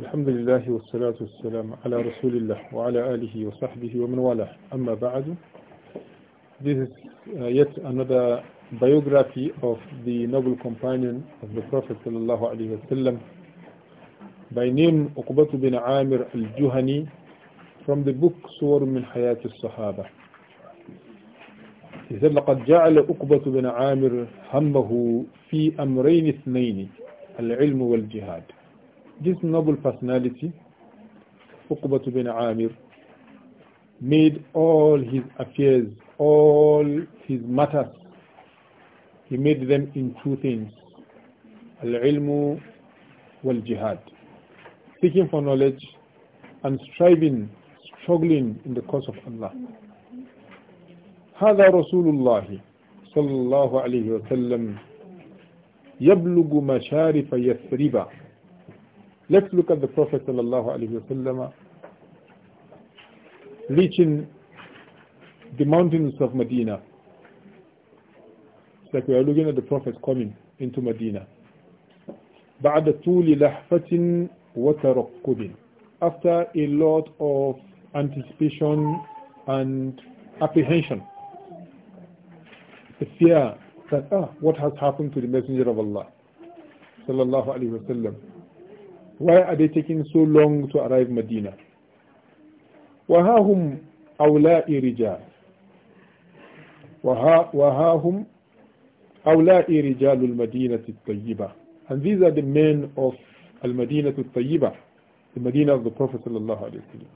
الحمد لله والصلاة والسلام على رسول الله وعلى آله وصحبه ومن والاه أما بعد This is uh, yet another biography of the noble companion of the Prophet صلى الله عليه وسلم by name Uqbatu bin Amir al-Juhani from the book Suwar min Hayat al-Sahaba إذا لقد جعل أقبة بن عامر همه في أمرين اثنين العلم والجهاد this noble personality, Uqbat bin Amir, made all his affairs, all his matters, he made them in two things, al-ilmu wal-jihad, seeking for knowledge and striving, struggling in the cause of Allah. هذا رسول الله صلى الله عليه وسلم يبلغ مشارف يثرب Let's look at the Prophet wasallam reaching the mountains of Medina. It's like we are looking at the Prophet coming into Medina. بعد طول لحفة وترقب After a lot of anticipation and apprehension. The fear that, ah, what has happened to the Messenger of Allah? Sallallahu Alaihi Wasallam. Why are they taking so long to arrive Medina? وَهَاهُمْ أَوْلَاءِ رِجَالِ وَهَاهُمْ أَوْلَاءِ رِجَالُ الْمَدِينَةِ الطَّيِّبَةِ And these are the men of Al-Madinah الطَّيِّبَةِ The Medina of the Prophet صلى الله عليه وسلم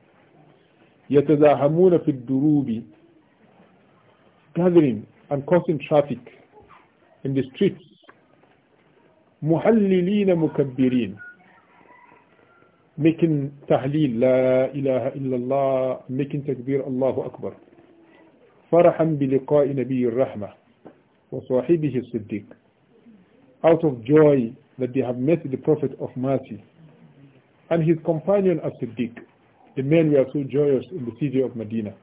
يَتَزَاحَمُونَ فِي الدُّرُوبِ Gathering and causing traffic in the streets muhallilina mukabbirin مكن تحليل لا إله إلا الله مكن تكبير الله أكبر فرحا بلقاء نبي الرحمة وصاحبه الصديق out of joy that they have met the Prophet of Mercy and his companion As-Siddiq the men were so joyous in the city of Medina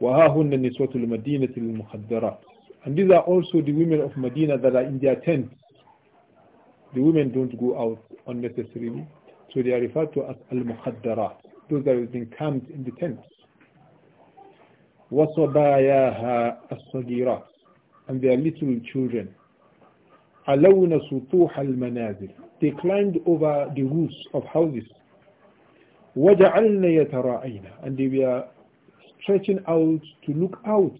وهاهن نسوة المدينة المخدرات and these are also the women of Medina that are in their tents the women don't go out unnecessarily So they are referred to as al-muqaddarat. Those that have been camped in the tents. وَصَبَايَاهَا الصَّغِيرَاتِ And their little children. عَلَوْنَ سُطُوحَ الْمَنَازِلِ They climbed over the roofs of houses. وَجَعَلْنَا يَتَرَأَيْنَا And they were stretching out to look out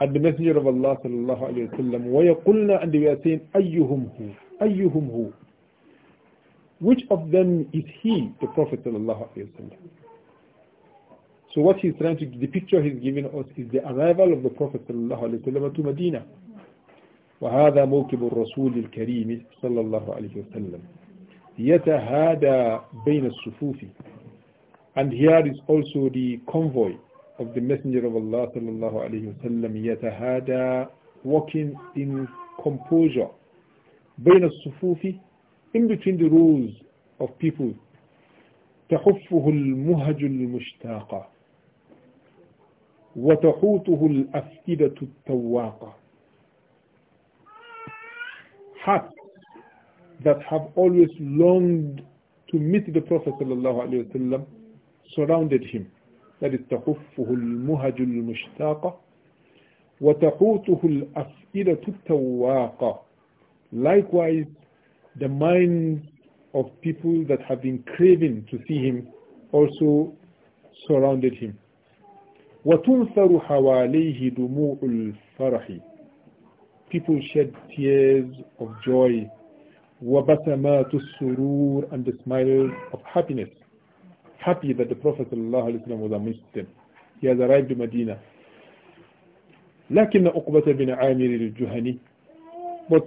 at the Messenger of Allah sallallahu alayhi wa sallam وَيَقُلْنَا and they were saying أَيُّهُمْ هُوَ أَيُّهُمْ هُوَ Which of them is he, the Prophet sallallahu alaihi wasallam? So what he's trying to, the picture he's giving us is the arrival of the Prophet sallallahu alaihi wasallam to Medina. وهذا موكب الرسول الكريم صلى الله عليه وسلم يتهادى بين الصفوف and here is also the convoy of the messenger of Allah صلى الله عليه وسلم يتهادى walking in composure بين الصفوف in between the rows of people تحفه المهج المشتاقة وتحوطه الأفئدة التواقة Hearts that have always longed to meet the Prophet sallallahu alaihi wasallam surrounded him. That is تحفه المهج المشتاقة وتحوطه الأفئدة التواقة Likewise, the minds of people that have been craving to see him also surrounded him. وَتُنْثَرُ حَوَالَيْهِ الْفَرَحِ People shed tears of joy. وَبَسَمَاتُ السُّرُورِ And the smiles of happiness. Happy that the Prophet ﷺ was amidst them. He has arrived in Medina. لكن عقبة بن عامر الجهني But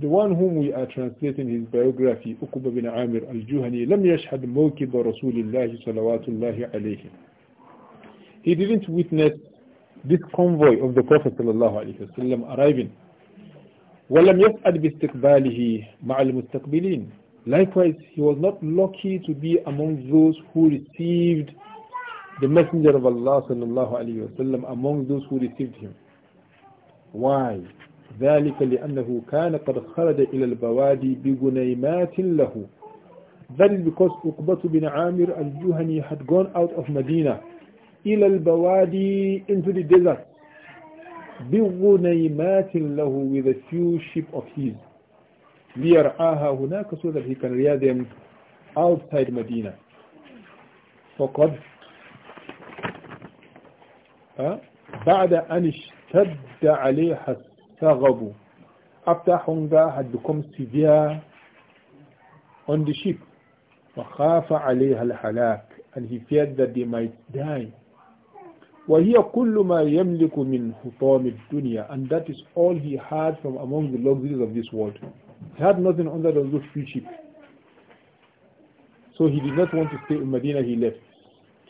the one whom we are translating his biography, Uqba bin Amir al-Juhani, لم يشهد موكب رسول الله صلوات الله عليه. He didn't witness this convoy of the Prophet صلى الله عليه وسلم arriving. ولم يسعد باستقباله مع المستقبلين. Likewise, he was not lucky to be among those who received the Messenger of Allah صلى الله عليه وسلم among those who received him. Why? ذلك لأنه كان قد خرج إلى البوادي بغنيمات له That is because Uqbatu bin Amir al-Juhani had gone out of Medina إلى البوادي into the desert بغنيمات له with a few sheep of his ليرعاها هناك so that he can rear them outside Medina فقد بعد أن اشتد عليه حسن Saghabu. After hunger had become severe on the ship, وخاف عليها الحلاك and he feared that they might die. وهي كل ما يملك من حطام الدنيا and that is all he had from among the luxuries of this world. He had nothing under the those free ship So he did not want to stay in Medina, he left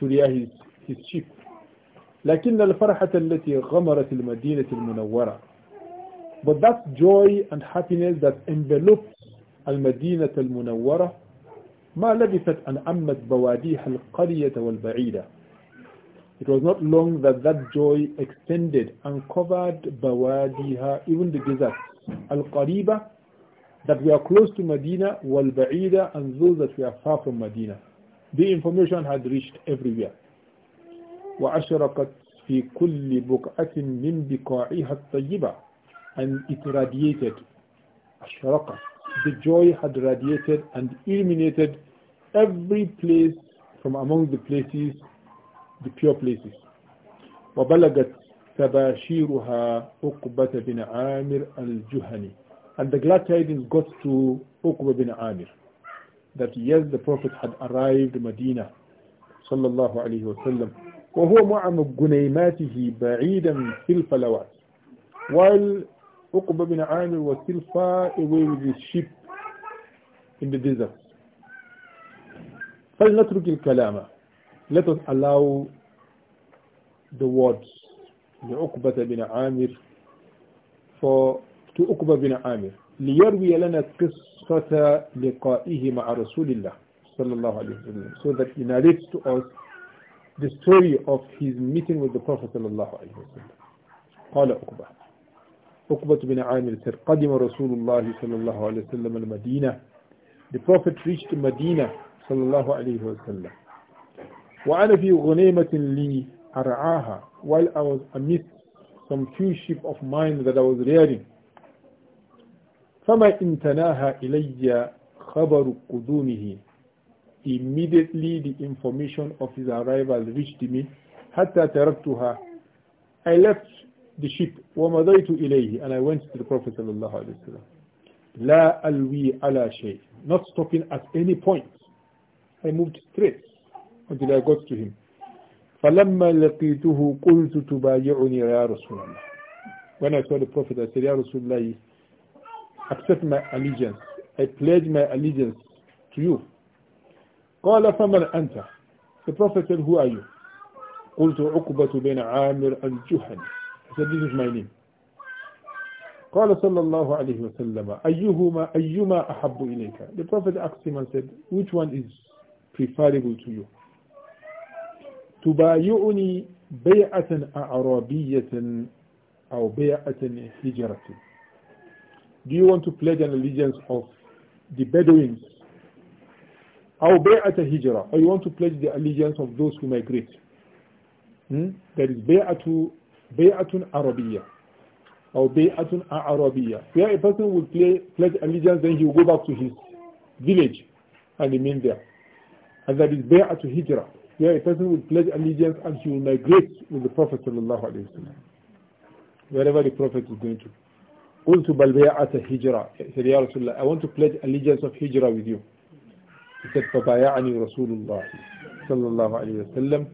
to rear his, his ship لكن الفرحة التي غمرت المدينة المنورة But that joy and happiness that enveloped المدينة المنورة ما لبثت أن أمت بواديها al والبعيدة It was not long that that joy extended and covered بواديها even the deserts Qariba, that we are close to Medina والبعيدة and those that we are far from Medina The information had reached everywhere وأشرقت في كل بقعة من بقاعها الطيبة and it radiated. Ashraqat. The joy had radiated and illuminated every place from among the places, the pure places. وبلغت تباشيرها عقبة بن عامر الجهني and the glad tidings got to Uqba bin Amir that yes the Prophet had arrived Medina صلى الله عليه وسلم وهو معم جنيماته بعيدا في الفلوات while Uqba bin Amir was still far away with his sheep in the desert. فَلْنَتْرُكِ الْكَلَامَ Let us allow the words لعقبة بن عامر for to عقبة بن عامر ليروي لنا قصة لقائه مع رسول الله صلى الله عليه وسلم so that he narrates to us the story of his meeting with the Prophet صلى الله عليه وسلم قال عقبة Uqbat bin Amir said, The Prophet reached Medina وأنا في غنيمة لي أرعاها while I was amidst some few sheep of mine that I was rearing فما انتناها إلي خبر قدومه immediately the information of his arrival reached me حتى تركتها I left the sheep وَمَضَيْتُ إِلَيْهِ and I went to the Prophet صلى الله عليه وسلم لا ألوي على شيء not stopping at any point I moved straight until I got to him فلما لقيته قلت تبايعني يا رسول الله when I saw the Prophet I said يا رسول الله accept my allegiance I pledge my allegiance to you قال فمن أنت the Prophet said who are you قلت عقبة بين عامر الجهني this is my name. قال صلى الله عليه وسلم أيهما أيما أحب إليك The Prophet asked him and said, which one is preferable to you? تبايعني بيعة أعرابية أو بيعة هجرة Do you want to pledge an allegiance of the Bedouins? أو بيعة هجرة Or you want to pledge the allegiance of those who migrate? Hmm? That is بيعة bay'atun Arabiya or bay'atun Arabiya, where a person will play, pledge allegiance then he will go back to his village and remain there and that is bay'atun hijrah where a person will pledge allegiance and he will migrate with the Prophet sallallahu alaihi wasallam wherever the Prophet is going to قلت بل بيعة هجرة said يا رسول الله I want to pledge allegiance of hijrah with you he said فبايعني رسول الله صلى الله عليه وسلم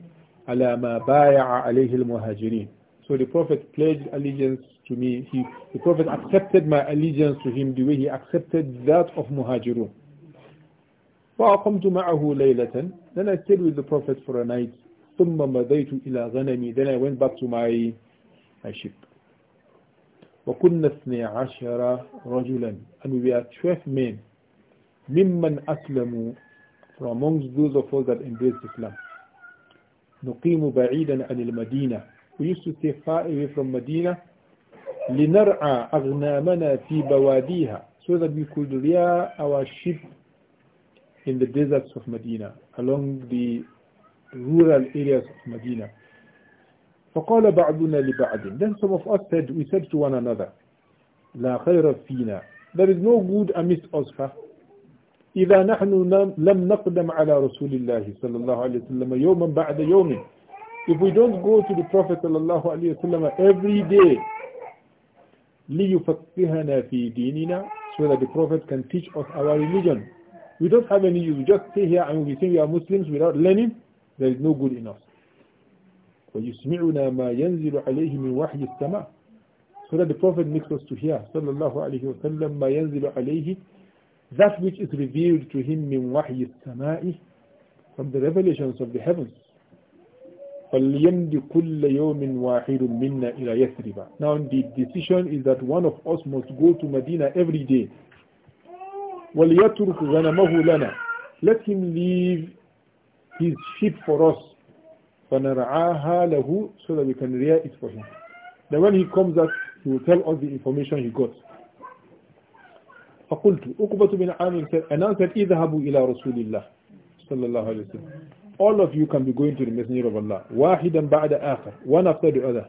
على ما بايع عليه المهاجرين so the Prophet pledged allegiance to me. He, the Prophet accepted my allegiance to him the way he accepted that of Muhajirun. فأقمت معه ليلة Then I stayed with the Prophet for a night. ثم مضيت إلى غنمي Then I went back to my, my ship. وكنا اثني عشر رجلا And we had 12 men. ممن أسلموا From amongst those of us that embraced Islam. نقيم بعيدا عن المدينة We used to take away from Medina لنرعى أغنامنا في بواديها so that we could rear our sheep in the deserts of Medina along the rural areas of Medina فقال بعضنا لبعض then some of us said we said to one another لا خير فينا there is no good amidst us إذا نحن لم نقدم على رسول الله صلى الله عليه وسلم يوما بعد يوم If we don't go to the Prophet ﷺ every day, لِيُفَقِّهَنَا فِي دِينِنَا So that the Prophet can teach us our religion. We don't have any use. We just stay here and we think we are Muslims without learning. There is no good in us. وَيُسْمِعُنَا مَا يَنْزِلُ عَلَيْهِ مِنْ وَحْيِ السَّمَاءِ So that the Prophet makes us to hear, sallallahu alayhi wa sallam, مَا يَنْزِلُ عَلَيْهِ That which is revealed to him مِنْ وَحْيِ السَّمَاءِ From the revelations of the heavens. فَلْيَمْدِ كُلَّ يَوْمٍ وَاحِدٌ مِنَّا إِلَى يَثْرِبَ Now the decision is that one of us must go to Medina every day. وَلْيَتُرْكْ غَنَمَهُ لَنَا Let him leave his sheep for us. فَنَرْعَاهَا لَهُ So that we can rear it for him. Then when he comes up he will tell us the information he got. فقلت أقبة بن عامر said, and I said, اذهبوا إلى رسول الله صلى الله عليه وسلم. all of you can be going to the Messenger of Allah. واحدا بعد آخر one after the other.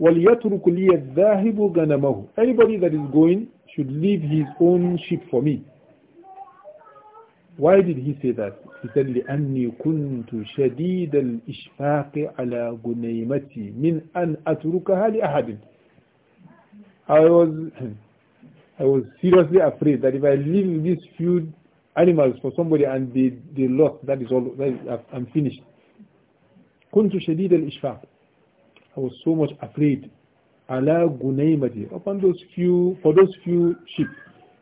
وليترك لي الذاهب غنمه anybody that is going should leave his own sheep for me. Why did he say that? He said لأني كنت شديد الإشفاق على غنيمتي من أن أتركها لأحد. I was I was seriously afraid that if I leave this feud animals for somebody and they, they lost. That is all. That is, I'm finished. كنت شديد الإشفاق. I was so much afraid. على جنيمتي. Upon those few, for those few sheep.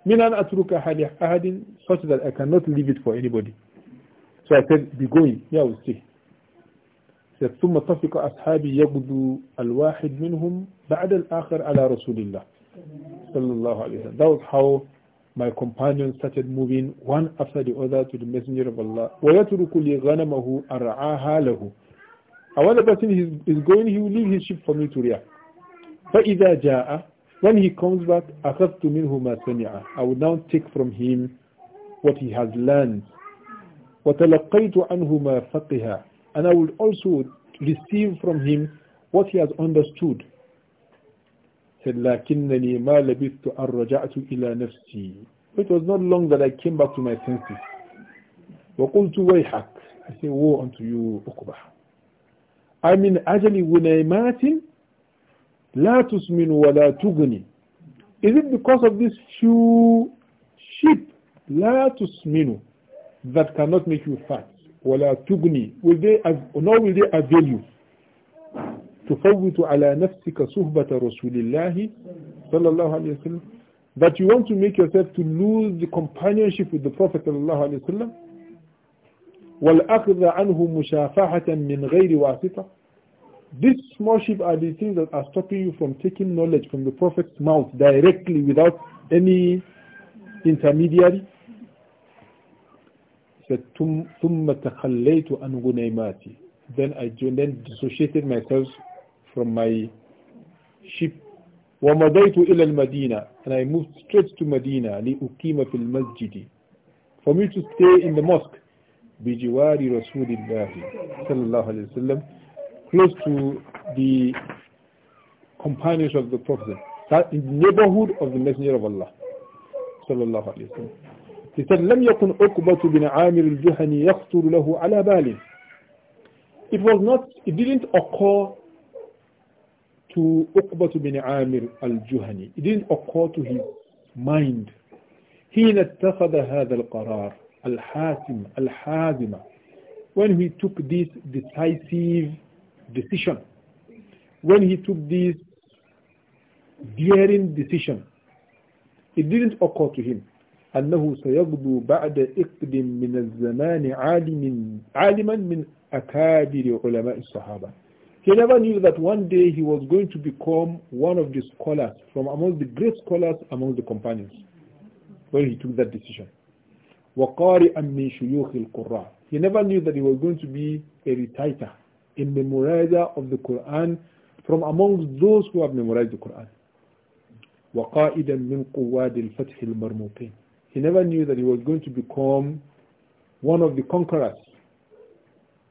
من أن أترك أحد أحد such that I cannot leave it for anybody. So I said, be going. Yeah, I will stay. said, ثم طفق أصحابي يبدو الواحد منهم بعد الآخر على رسول الله. صلى الله عليه وسلم. That was how my companions started moving one after the other to the Messenger of Allah. وَيَتْرُكُ لِغَنَمَهُ أَرْعَاهَا لَهُ And when the person is, is going, he will leave his sheep for me to rear. فَإِذَا جَاءَ When he comes back, أَخَذْتُ مِنْهُ مَا سَمِعَ I will now take from him what he has learned. وَتَلَقَّيْتُ عَنْهُ مَا فَقِهَا And I will also receive from him what he has understood. It was not long that I came back to my senses. I say, woe unto you, Uqbah. i mean, in ajali gunaymatin la tusmin wa la tugni. Is it because of these few sheep, la tusminu, that cannot make you fat, wa la tugni, will they, nor will they avail you? تفوت على نفسك صحبة رسول الله صلى الله عليه وسلم that you want to make yourself to lose the companionship with the Prophet صلى الله عليه وسلم والأخذ عنه مشافحة من غير واسطة This small are the things that are stopping you from taking knowledge from the Prophet's mouth directly without any intermediary. said, ثم تخليت عن غنيماتي. Then I then dissociated myself from my ship وَمَدَيْتُ إلى المدينة and I moved straight to Medina لأقيم في المسجد for me to stay in the mosque بجوار رسول الله صلى الله عليه وسلم close to the companions of the Prophet in the neighborhood of the Messenger of Allah صلى الله عليه وسلم he said لم يكن عقبة بن عامر الجهني يخطر له على باله it was not it didn't occur to Uqbat bin Amir al-Juhani. It didn't occur to his mind. حين اتخذ هذا القرار الحاسم الحازمة when he took this decisive decision when he took this daring decision it didn't occur to him أنه سيغدو بعد إقد من الزمان عالم عالما من أكابر علماء الصحابة he never knew that one day he was going to become one of the scholars, from among the great scholars among the companions, when he took that decision. He never knew that he was going to be a reciter, a memorizer of the Quran, from among those who have memorized the Quran. He never knew that he was going to become one of the conquerors,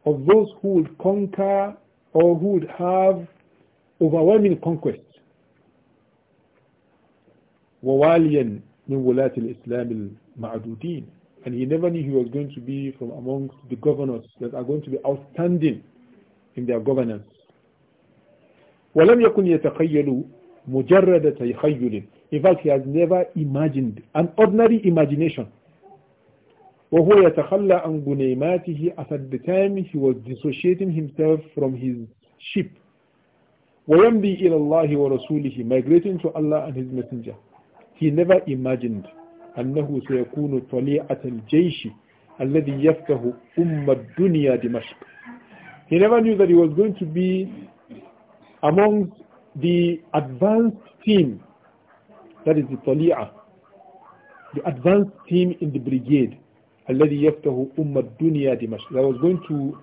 of those who will conquer or who would have overwhelming conquest. وَوَالِيًا مِنْ وُلَاةِ الْإِسْلَامِ الْمَعْدُودِينَ And he never knew he was going to be from amongst the governors that are going to be outstanding in their governance. ولم يكن يتخيل مجرد تخيل In fact, he has never imagined an ordinary imagination. وهو يتخلى عن غنيماته at the time he was dissociating himself from his sheep ويمضي إلى الله ورسوله migrating to Allah and his messenger he never imagined أنه سيكون طليعة الجيش الذي يفتح أم الدنيا دمشق he never knew that he was going to be among the advanced team that is the طليعة the advanced team in the brigade الذي يفتح الدنيا that was going to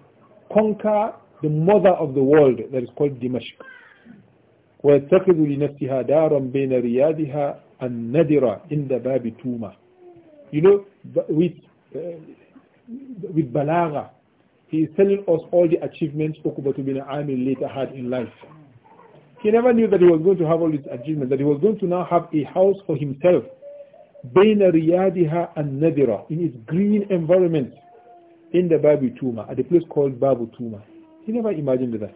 conquer the mother of the world that is called Dimashq ويتخذ لنفسها دارا بين ريادها النذرة عند باب توما you know with uh, with balagha he is telling us all the achievements Uqbatu bin Amir later had in life he never knew that he was going to have all these achievements that he was going to now have a house for himself بين and Nadira, in its green environment in the Babu Tuma at the place called Babu Tuma he never imagined that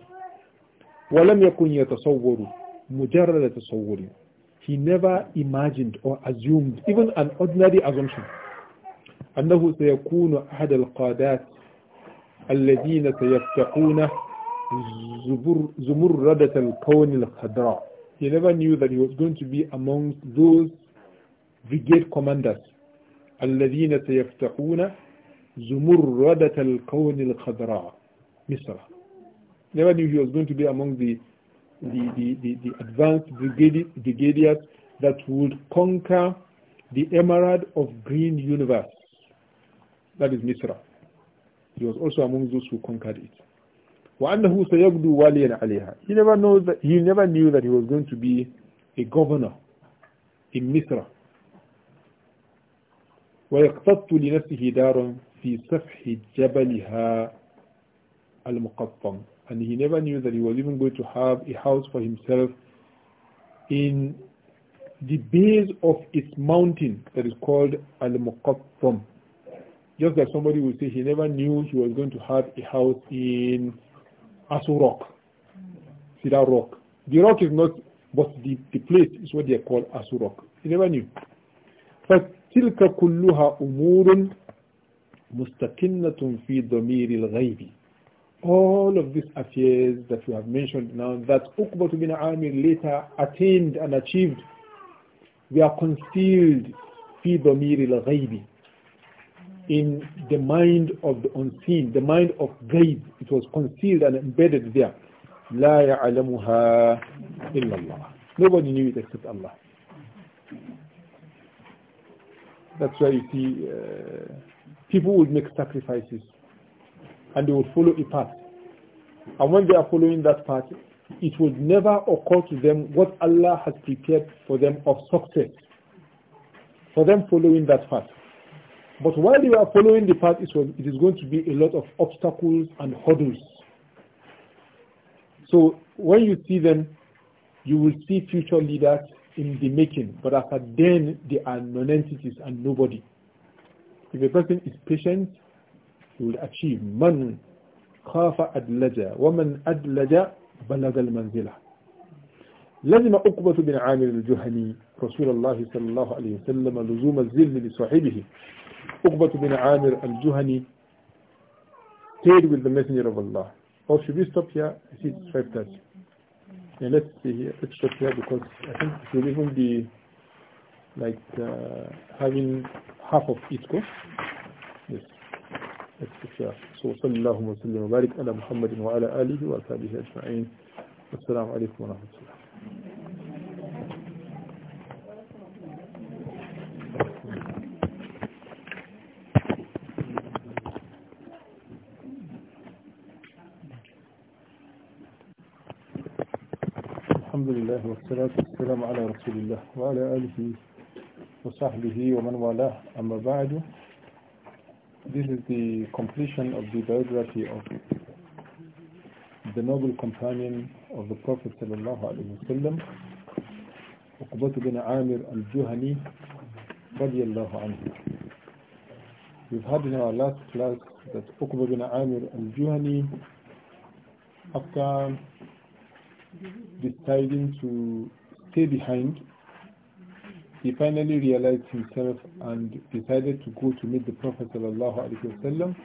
ولم يكن يتصور مجرد تصور he never imagined or assumed even an ordinary assumption أنه سيكون أحد القادات الذين سيفتقون زمردة الكون الخضراء he never knew that he was going to be amongst those brigade commanders الذين سيفتحون زمردة الكون الخضراء مصر never knew he was going to be among the the, the, the, the advanced brigadiers that would conquer the emerald of green universe that is Misra he was also among those who conquered it وأنه سيبدو واليا عليها he never, that, he never knew that he was going to be a governor in Misra ويقتط لنفسه في جبلها المقطم and he never knew that he was even going to have a house for himself in the base of its mountain that is called Al-Muqattam. Just like somebody would say he never knew he was going to have a house in Asu Rock, Sida Rock. The rock is not, but the, the place is what they call Asu Rock. He never knew. But tilka kulluha umurun fi al-ghaybi all of these affairs that we have mentioned now that Uqbat bin Amir later attained and achieved, they are concealed fi al in the mind of the unseen, the mind of ghaib. It was concealed and embedded there. لا يعلمها إلا الله. Nobody knew it except Allah. That's why you see uh, people will make sacrifices and they will follow a path. And when they are following that path, it would never occur to them what Allah has prepared for them of success, for them following that path. But while they are following the path, it is going to be a lot of obstacles and hurdles. So when you see them, you will see future leaders in the making, but after then they are non-entities and nobody. If a person is patient, he will achieve man khafa adlaja wa man adlaja balaga manzila لزم عقبة بن عامر الجهني رسول الله صلى الله عليه وسلم لزوم الذل لصاحبه عقبة بن عامر الجهني stayed with the messenger of Allah. Or should we stop here? It's 5.30. Yeah, let's see here. Let's stop here because I think it will even be like uh, having half of each course. Yes. Let's stop here. So, صلى الله وسلم وبارك على محمد وعلى آله وأصحابه أجمعين. والسلام عليكم wa الله. الله والصلاة والسلام على رسول الله وعلى آله وصحبه ومن والاه أما بعد This is the completion of the biography of the noble companion of the Prophet صلى الله عليه وسلم Uqbat بن عامر الجهني رضي الله عنه We've had in our last class that Uqba bin Amir al-Juhani after deciding to stay behind, he finally realized himself and decided to go to meet the Prophet ﷺ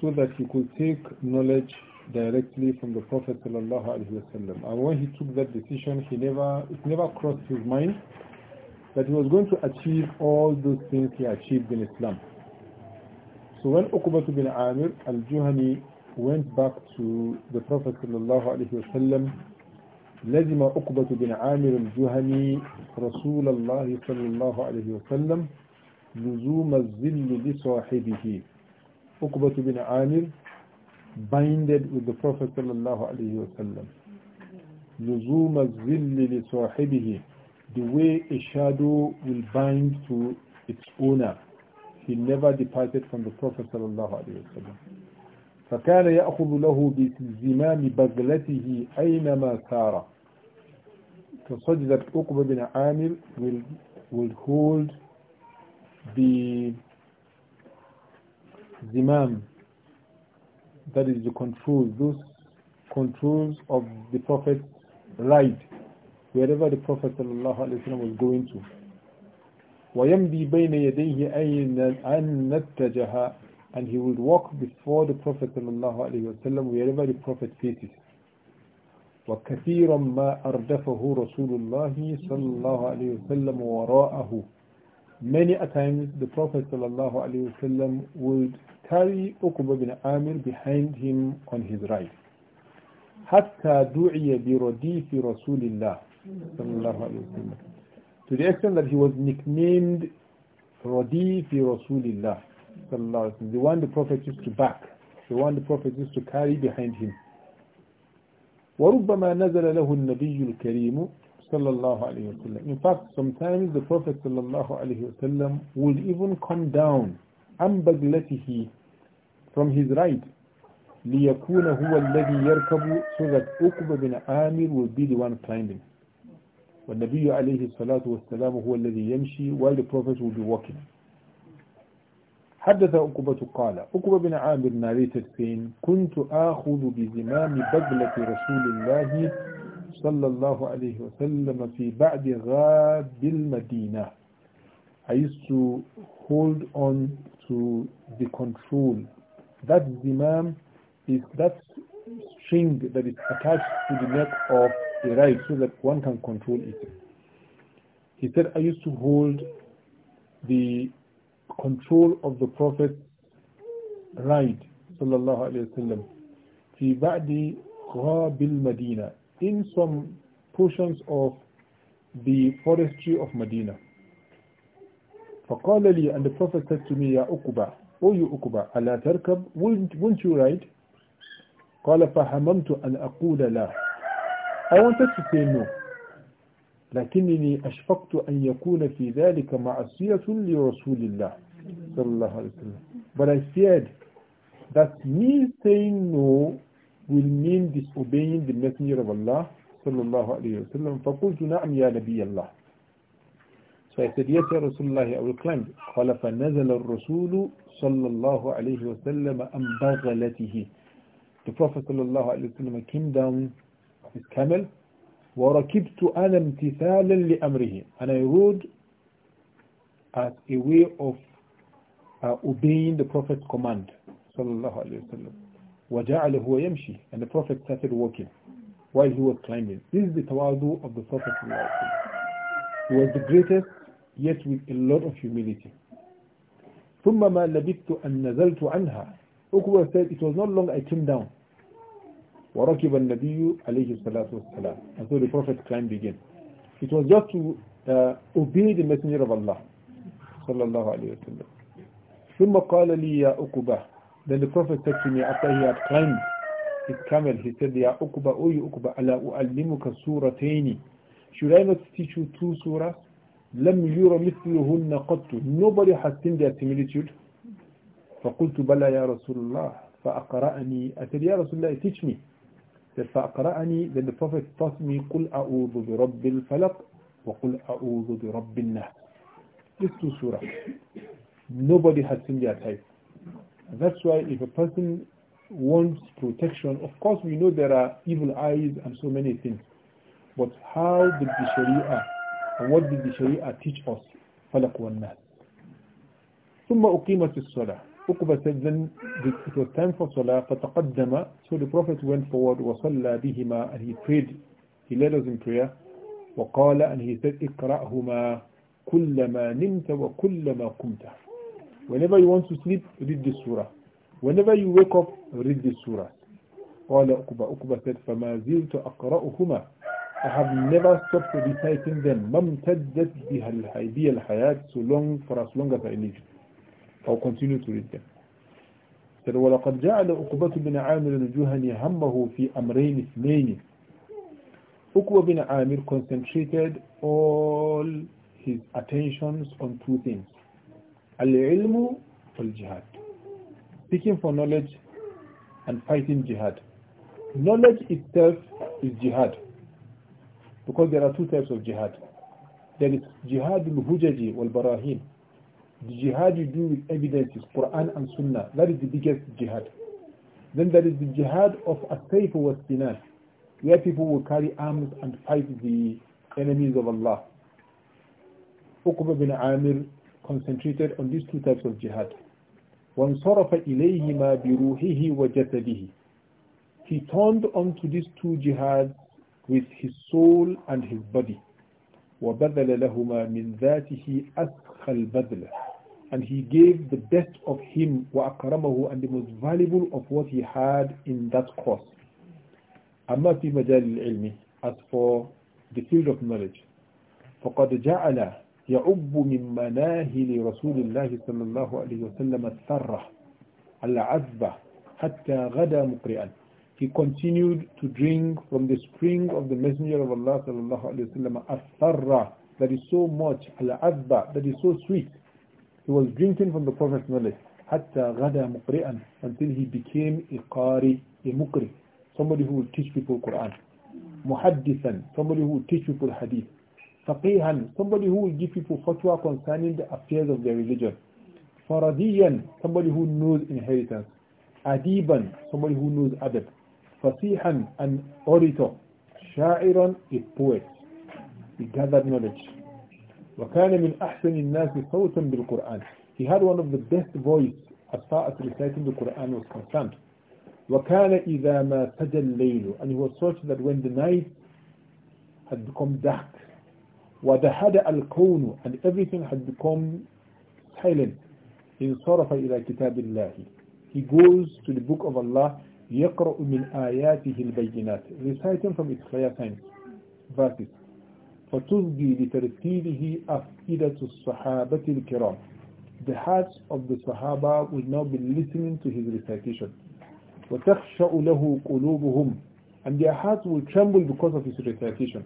so that he could take knowledge directly from the Prophet ﷺ. And when he took that decision, he never it never crossed his mind that he was going to achieve all those things he achieved in Islam. So when Uqbah bin Amir al-Juhani went back to the Prophet ﷺ لزم عقبة بن عامر الجهني رسول الله صلى الله عليه وسلم لزوم الظل لصاحبه عقبة بن عامر binded with the Prophet صلى الله عليه وسلم لزوم الظل لصاحبه the way a shadow will bind to its owner he never departed from the Prophet صلى الله عليه وسلم فكان يأخذ له بزمام بغلته أينما سار such that بن bin ويقول will, will hold that is the controls, those controls of the Prophet's right wherever the Prophet was going to. ويمضي بين يديه أن نتجه and he would walk before the Prophet ﷺ wherever the Prophet faces. وكثيرا ما أردفه رسول الله صلى الله عليه وسلم وراءه Many a times the Prophet صلى الله عليه would carry Uqba bin Amir behind him on his right. حتى دعي برديف رسول الله صلى الله عليه وسلم To the extent that he was nicknamed رديف رسول الله sallallahu alaihi the one the Prophet used to back, the one the Prophet used to carry behind him. وربما نزل له النبي الكريم صلى الله عليه وسلم. In fact, sometimes the Prophet صلى الله عليه وسلم would even come down عن بغلته from his right ليكون هو الذي يركب so that Uqba bin Amir will be the one climbing. والنبي عليه الصلاة والسلام هو الذي يمشي while the Prophet will be walking. حدث أكبة قال أكبة بن عامر narrated saying كنت آخذ بزمام بدلة رسول الله صلى الله عليه وسلم في بعد غاب المدينة I used to hold on to the control that zimam is that string that is attached to the neck of the right so that one can control it he said I used to hold the control of the Prophet's ride sallallahu alayhi wasallam fi ba'di ghabil Medina in some portions of the forestry of Medina فقال لي and the Prophet said to me يا أقبع O you أقبع ألا تركب won't, won't you ride قال فهممت أن أقول لا I wanted to say no لكنني أشفقت أن يكون في ذلك معصية لرسول الله but I feared that me saying no will mean disobeying the Messenger of Allah sallallahu alayhi wa sallam. نَعْمْ يَا نَبِيَ اللَّهِ So I said, yes, Ya Rasulullah, I will climb. قال فنزل الرسول صلى الله عليه وسلم أم بغلته The Prophet صلى الله عليه وسلم came down his camel وركبت أنا امتثالا لأمره and I rode as a way of uh, obeying the Prophet's command. وَجَعَلَهُ يَمْشِي And the Prophet started walking while he was climbing. This is the tawadu of the Prophet. He was the greatest, yet with a lot of humility. ثُمَّ مَا لَبِثْتُ أَن نَزَلْتُ عَنْهَا Ukwa said, it was not long I came down. وَرَكِبَ النَّبِيُّ عَلَيْهِ الصَّلَاةُ وَالسَّلَامُ And so the Prophet climbed again. It was just to uh, obey the Messenger of Allah. صلى الله عليه وسلم ثم قال لي يا أكبة Then the Prophet said to me after he had climbed his camel, he said, يا Uqba, أي you ألا أعلمك u'allimuka Should I not teach you two surahs? لم ير مثلهن قط. Nobody has seen their similitude. فقلت بلى يا رسول الله فأقرأني. I said, يا رسول الله teach me. Said, فأقرأني. Then the Prophet taught me, قل أعوذ برب الفلق وقل أعوذ برب الناس. These two surahs. nobody has seen their type. That's why if a person wants protection, of course we know there are evil eyes and so many things. But how did the Sharia, and what did the Sharia teach us? فَلَقْ وَالنَّاسِ ثُمَّ أُقِيمَتِ الصَّلَاةِ Uqba said then it was time for Salah, So the Prophet went forward, وَصَلَّى بِهِمَا And he prayed, he led us in prayer, وَقَالَ And he said, اقْرَأْهُمَا كُلَّمَا نِمْتَ وَكُلَّمَا قُمْتَ Whenever you want to sleep, read this surah. Whenever you wake up, read this surah. قال أقبى أقبى said فما زلت أقرأهما I have never stopped reciting them ما امتدت بها الحيبية الحياة so long for as long as I live I'll continue to read them said ولقد جعل أقبة بن عامر الجهني همه في أمرين اثنين Uqwa bin Amir concentrated all his attentions on two things. Al-ilmu wal-jihad. Seeking for knowledge and fighting jihad. Knowledge itself is jihad. Because there are two types of jihad. There is jihad al-hujaji wal-barahim. The jihad you do with evidences, Quran and Sunnah. That is the biggest jihad. Then there is the jihad of asayf wa sinan, where people will carry arms and fight the enemies of Allah. Uqba bin Amir concentrated on these two types of jihad. وَانْصَرَفَ إِلَيْهِمَا بِرُوحِهِ وَجَسَدِهِ He turned onto these two jihads with his soul and his body. وَبَذَلَ لَهُمَا مِنْ ذَاتِهِ أَسْخَ الْبَذْلَ And he gave the best of him وَأَكْرَمَهُ and the most valuable of what he had in that cause. أما في مجال العلم as for the field of knowledge فَقَدْ جَعَلَ يعب من مناهل رسول الله صلى الله عليه وسلم الثرة العذبة حتى غدا مقرئا He continued to drink from the spring of the Messenger of Allah صلى الله عليه وسلم الثرة that is so much العذبة that is so sweet He was drinking from the Prophet's knowledge حتى غدا مقرئا until he became a qari, a mukri somebody who will teach people Quran muhaddithan somebody who will teach people hadith faqihan, somebody who will give people fatwa concerning the affairs of their religion. Faradiyan, somebody who knows inheritance. Adiban, somebody who knows adab. Fasihan, an orator. Sha'iran, a poet. He gathered knowledge. وكان من أحسن الناس صوتا بالقرآن. He had one of the best voice as far as reciting the Quran was concerned. وَكَانَ إِذَا مَا سَجَى اللَّيْلُ And he was such that when the night had become dark, وَدَهَدَ الْكَوْنُ And everything had become silent. انصرف إلى كتاب الله. He goes to the book of Allah يقرأ من آياته البينات reciting from its clear signs verses فتزدي لِتَرْتِيلِهِ أفئدة الصحابة الكرام The hearts of the Sahaba will now be listening to his recitation وتخشع له قلوبهم and their hearts will tremble because of his recitation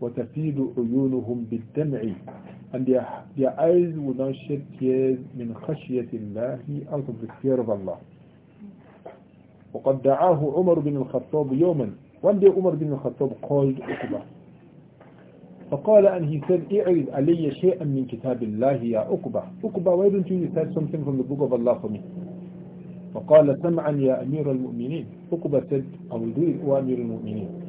وتفيد عيونهم بالدمع and their, their eyes will not shed tears من خشية الله out of the fear of Allah وقد دعاه عمر بن الخطاب يوما one day عمر بن الخطاب called عقبة فقال and he said اعرض علي شيئا من كتاب الله يا عقبة عقبة why don't you recite something from the book of Allah for me فقال سمعا يا أمير المؤمنين عقبة said I will do it O أمير المؤمنين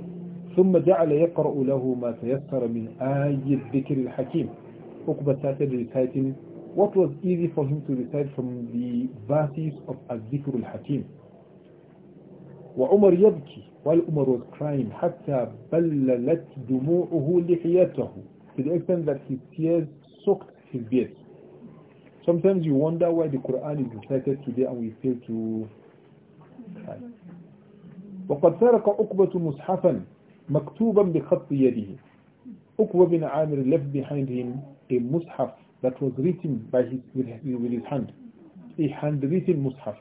ثم جعل يقرأ له ما تيسر من آي الذكر الحكيم Uqba started reciting what was easy for him to recite from the verses of الذكر الحكيم وعمر يبكي while Umar was crying حتى بللت دموعه لحياته to the extent that his tears soaked his beard Sometimes you wonder why the Quran is recited today and we fail to وقد سرق عقبة مصحفا مكتوبا بخط يده Uqwa bin Amir left behind him a mushaf that was written by his, with, his, with his hand a handwritten mushaf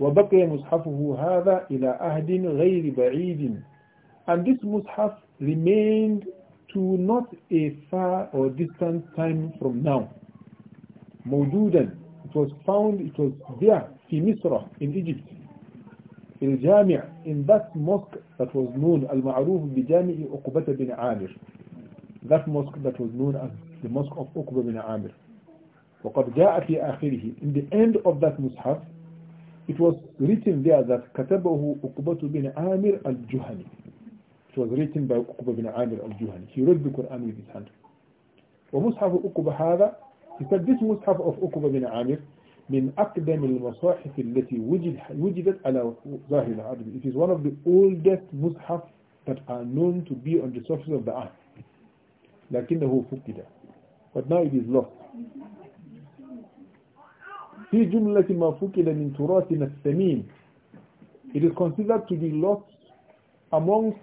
وبقي مصحفه هذا إلى أهد غير بعيد and this mushaf remained to not a far or distant time from now موجودا it was found it was there in Misra in Egypt الجامع in that mosque that was known المعروف بجامع أقبة بن عامر that mosque that was known as the mosque of أقبة بن عامر وقد جاء في آخره in the end of that mushaf it was written there that كتبه أقبة بن عامر الجهني it was written by أقبة بن عامر الجهني he read the Quran with his hand ومصحف أقبة هذا he said this mushaf of أقبة بن عامر من أقدم المصاحف التي وجد وجدت على ظاهر الأرض. It is one of the oldest mushaf that are known to be on the surface of the earth. لكنه فقد. But now it is lost. في جملة ما فقد من تراثنا الثمين. It is considered to be lost amongst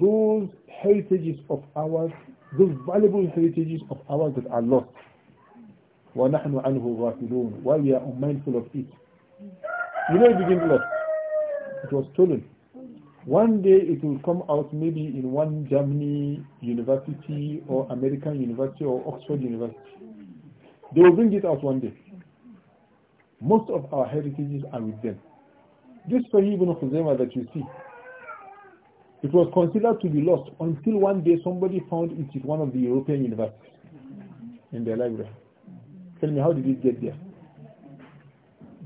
those heritages of ours, those valuable heritages of ours that are lost. وَنَحْنُ عَنْهُ غَافِلُونَ While we are unmindful of it. You know it begins lost. It was stolen. One day it will come out maybe in one Germany university or American university or Oxford university. They will bring it out one day. Most of our heritages are with them. This Sahih ibn Khuzaimah that you see, it was considered to be lost until one day somebody found it at one of the European universities in their library. Tell me, how did it get there?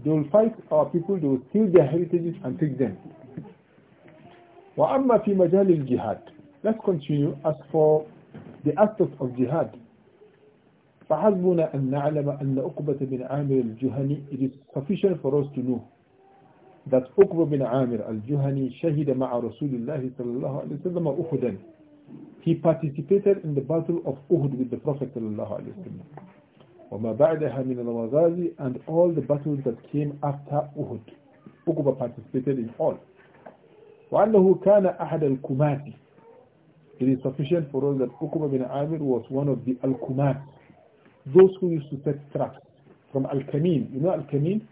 They will fight our people, they will steal their heritages and take them. وَأَمَّا فِي مَجَالِ الْجِهَادِ Let's continue as for the aspect of jihad. فَحَزْبُنَا أَن نَعْلَمَ أَنَّ أُقْبَةَ بِنْ عَامِرِ الْجُهَنِ It is sufficient for us to know that Uqba bin Amir al-Juhani shahida ma'a اللَّهُ sallallahu alayhi wa sallam Uhudan. He participated in the battle of Uhud with the Prophet sallallahu alayhi wa sallam and all the battles that came after Uhud. Uqba participated in all. وَأَنَّهُ كَانَ أَحَدَ الْكُمَاتِ It is sufficient for us that Ukuba bin Amir was one of the al-kumat, those who used to set traps from al-kamin. You know al-kamin?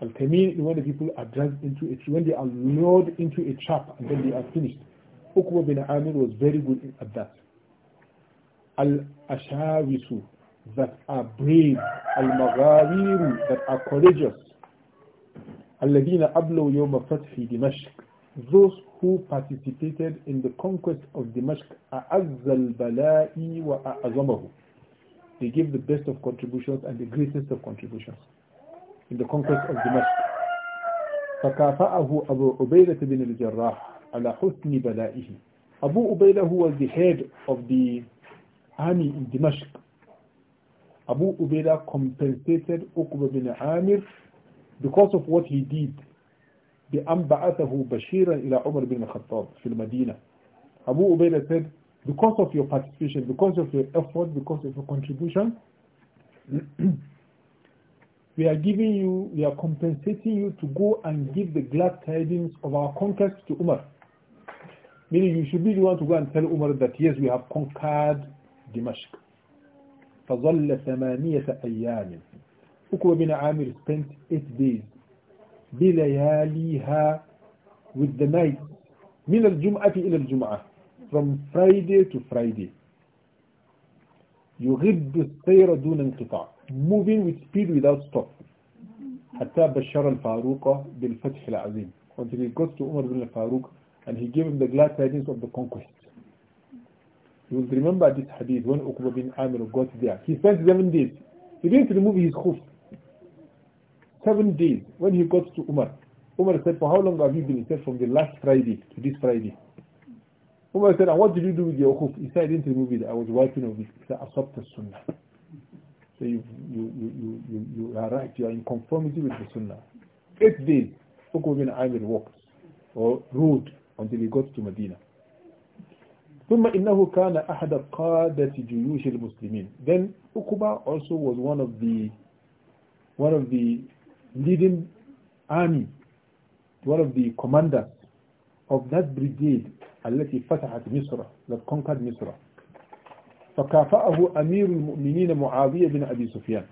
Al-kamin is when the people are dragged into it, when they are lured into a trap and then they are finished. Ukuba bin Amir was very good at that. Al-ashawisu that are brave, al-maghazir that are courageous. الَّذِينَ أَبْلَوْا يَوْمَ fatfi Dimashq. Those who participated in the conquest of Dimashq أَعَزَّ wa وَأَعْظَمَهُ They gave the best of contributions and the greatest of contributions in the conquest of Dimashq. فكافأه أبو عبيدة بن الجراح على حسن بلائه Abu Ubaidah who was the head of the army in Dimashq Abu Ubaidah compensated Uqba bin Amir because of what he did. بأن بعثه بشيرا إلى عمر بن الخطاب في المدينة. Abu Ubaidah said, because of your participation, because of your effort, because of your contribution, we are giving you, we are compensating you to go and give the glad tidings of our conquest to Umar. Meaning you should be the one to go and tell Umar that yes, we have conquered Damascus. فظل ثمانية أيام أكوى بن عامر spent eight days بلياليها with the night من الجمعة إلى الجمعة from Friday to Friday يغد السير دون انقطاع moving with speed without stop حتى بشر الفاروق بالفتح العظيم until he goes to Umar bin al-Faruq and he gave him the glad tidings of the conquest You will remember this hadith when Uqba bin Amir got there. He spent seven days. He didn't remove his khuf. Seven days. When he got to Umar, Umar said, for how long have you been? He said, from the last Friday to this Friday. Umar said, and ah, what did you do with your khuf? He said, I didn't remove it. I was wiping of it. He said, the sunnah. So you, you, you, you, you, you are right. You are in conformity with the sunnah. Eight days, Uqba bin Amir walked or rode until he got to Medina. ثم إنه كان أحد قادة جيوش المسلمين then Uqba also was one of the one of the leading army one of the commanders of that brigade التي فتحت مصر that conquered مصر فكافأه أمير المؤمنين معاوية بن أبي سفيان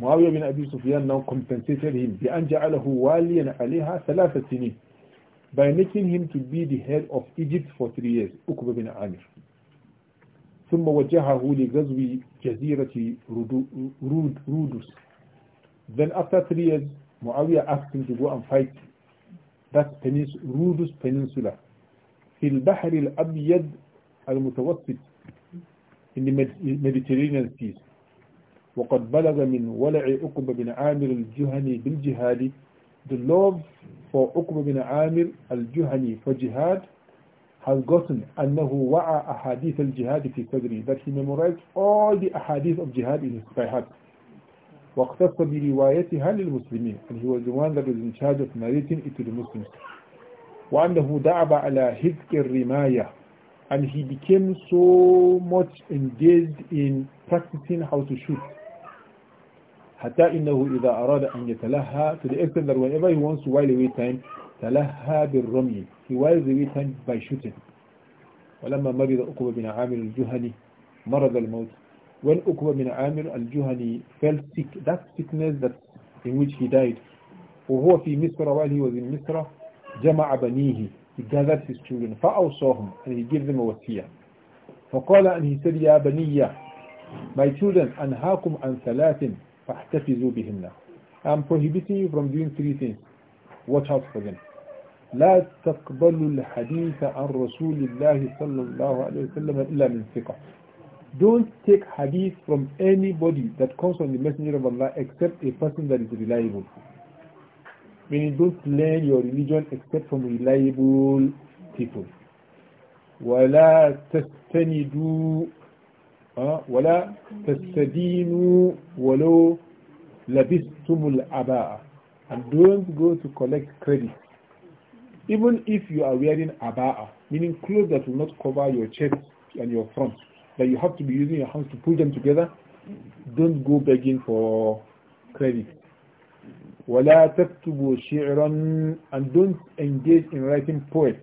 معاوية بن أبي سفيان now compensated him بأن جعله واليا عليها ثلاثة سنين by making him to be the head of Egypt for three years, Uqba bin Amir. ثم وجهه لغزو جزيرة Then after three years, Muawiyah asked him to go and fight that Rudus Peninsula. في البحر الأبيض المتوسط in the Mediterranean Sea. وقد بلغ من ولع أقب بن عامر الجهني بالجهاد the love for Uqba bin Amir al-Juhani for jihad has gotten أنه وعى أحاديث jihad في صدري that he memorized all the ahadith of jihad in his heart واقتص بروايتها للمسلمين and he was the one that was in charge of narrating it to the Muslims وأنه دعب على حذق الرماية and he became so much engaged in practicing how to shoot حتى إنه إذا أراد أن يتلهى to the extent that whenever he wants to while away time تلهى بالرمي he whiles away time by shooting ولما مرض أقوى بن عامر الجهني مرض الموت when أقوى بن Amir الجهني fell sick, that sickness that in which he died, وهو في مصر while he was in Misra, جمع بنيه, he gathered his children, فأوصاهم, and he gave them a wasiyah. فقال, and he said, يا بنية my children, أنهاكم عن ثلاث, بهن بِهِنَّ I'm prohibiting you from doing three things. Watch out for them. لا الحديث عن رسول الله صلى الله عليه وسلم إلا من ثقة Don't take hadith from anybody that comes from the Messenger of Allah except a person that is reliable. Meaning don't learn your religion except from reliable people. ولا تستندوا and don't go to collect credit even if you are wearing abaya, meaning clothes that will not cover your chest and your front that you have to be using your hands to pull them together don't go begging for credit ولا تكتبوا شعرا and don't engage in writing poems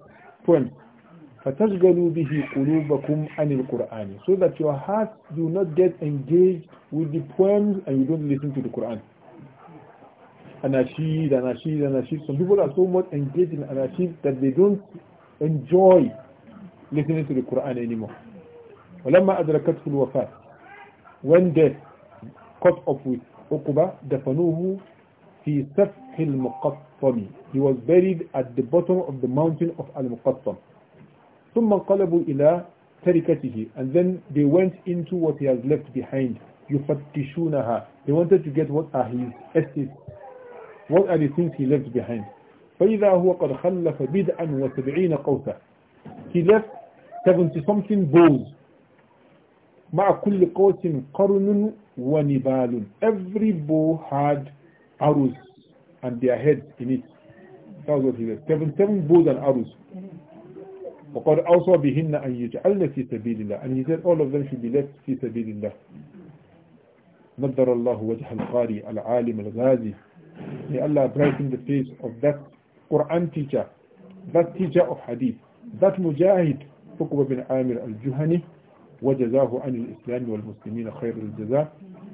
poems فَتَشْغَلُوا بِهِ قُلُوبَكُمْ عَنِ الْقُرْآنِ So that your heart do not get engaged with the poems and you don't listen to the Quran. Anashid, Anashid, Anashid. Some people are so much engaged in Anashid that they don't enjoy listening to the Quran anymore. ولما أدركته الوفاة when death caught up with Uqba دفنوه في سفح المقطم he was buried at the bottom of the mountain of Al-Muqattam ثم انقلبوا إلى تركته and then they went into what he has left behind يفتشونها they wanted to get what are his estates what are the things he left behind فإذا هو قد خلف بدعا وسبعين قوسا he left 70 something bowls مع كل قوس قرن ونبال every bow had arrows and their heads in it that was what he left Seven bows and arrows وَقَدْ أَوْصَى بِهِنَّ أَنْ يُجْعَلْنَ فِي سَبِيلِ اللَّهِ And he said all of them should be left في سبيل الله نَضَّرَ اللَّهُ وَجْهَ الْقَارِي الْعَالِمِ الْغَازِي May Allah brighten the face of that Quran teacher, that teacher of hadith, that mujahid, Uqba bin Amir al-Juhani, وَجَزَاهُ عَنِ الْإِسْلَامِ وَالْمُسْلِمِينَ خَيْرَ الْجَزَاءِ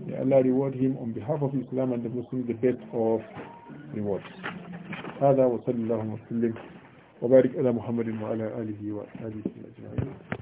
May Allah reward him on behalf of Islam and the Muslims the best of rewards. هذا الله وسلم وبارك على محمد وعلى آله وأصحابه أجمعين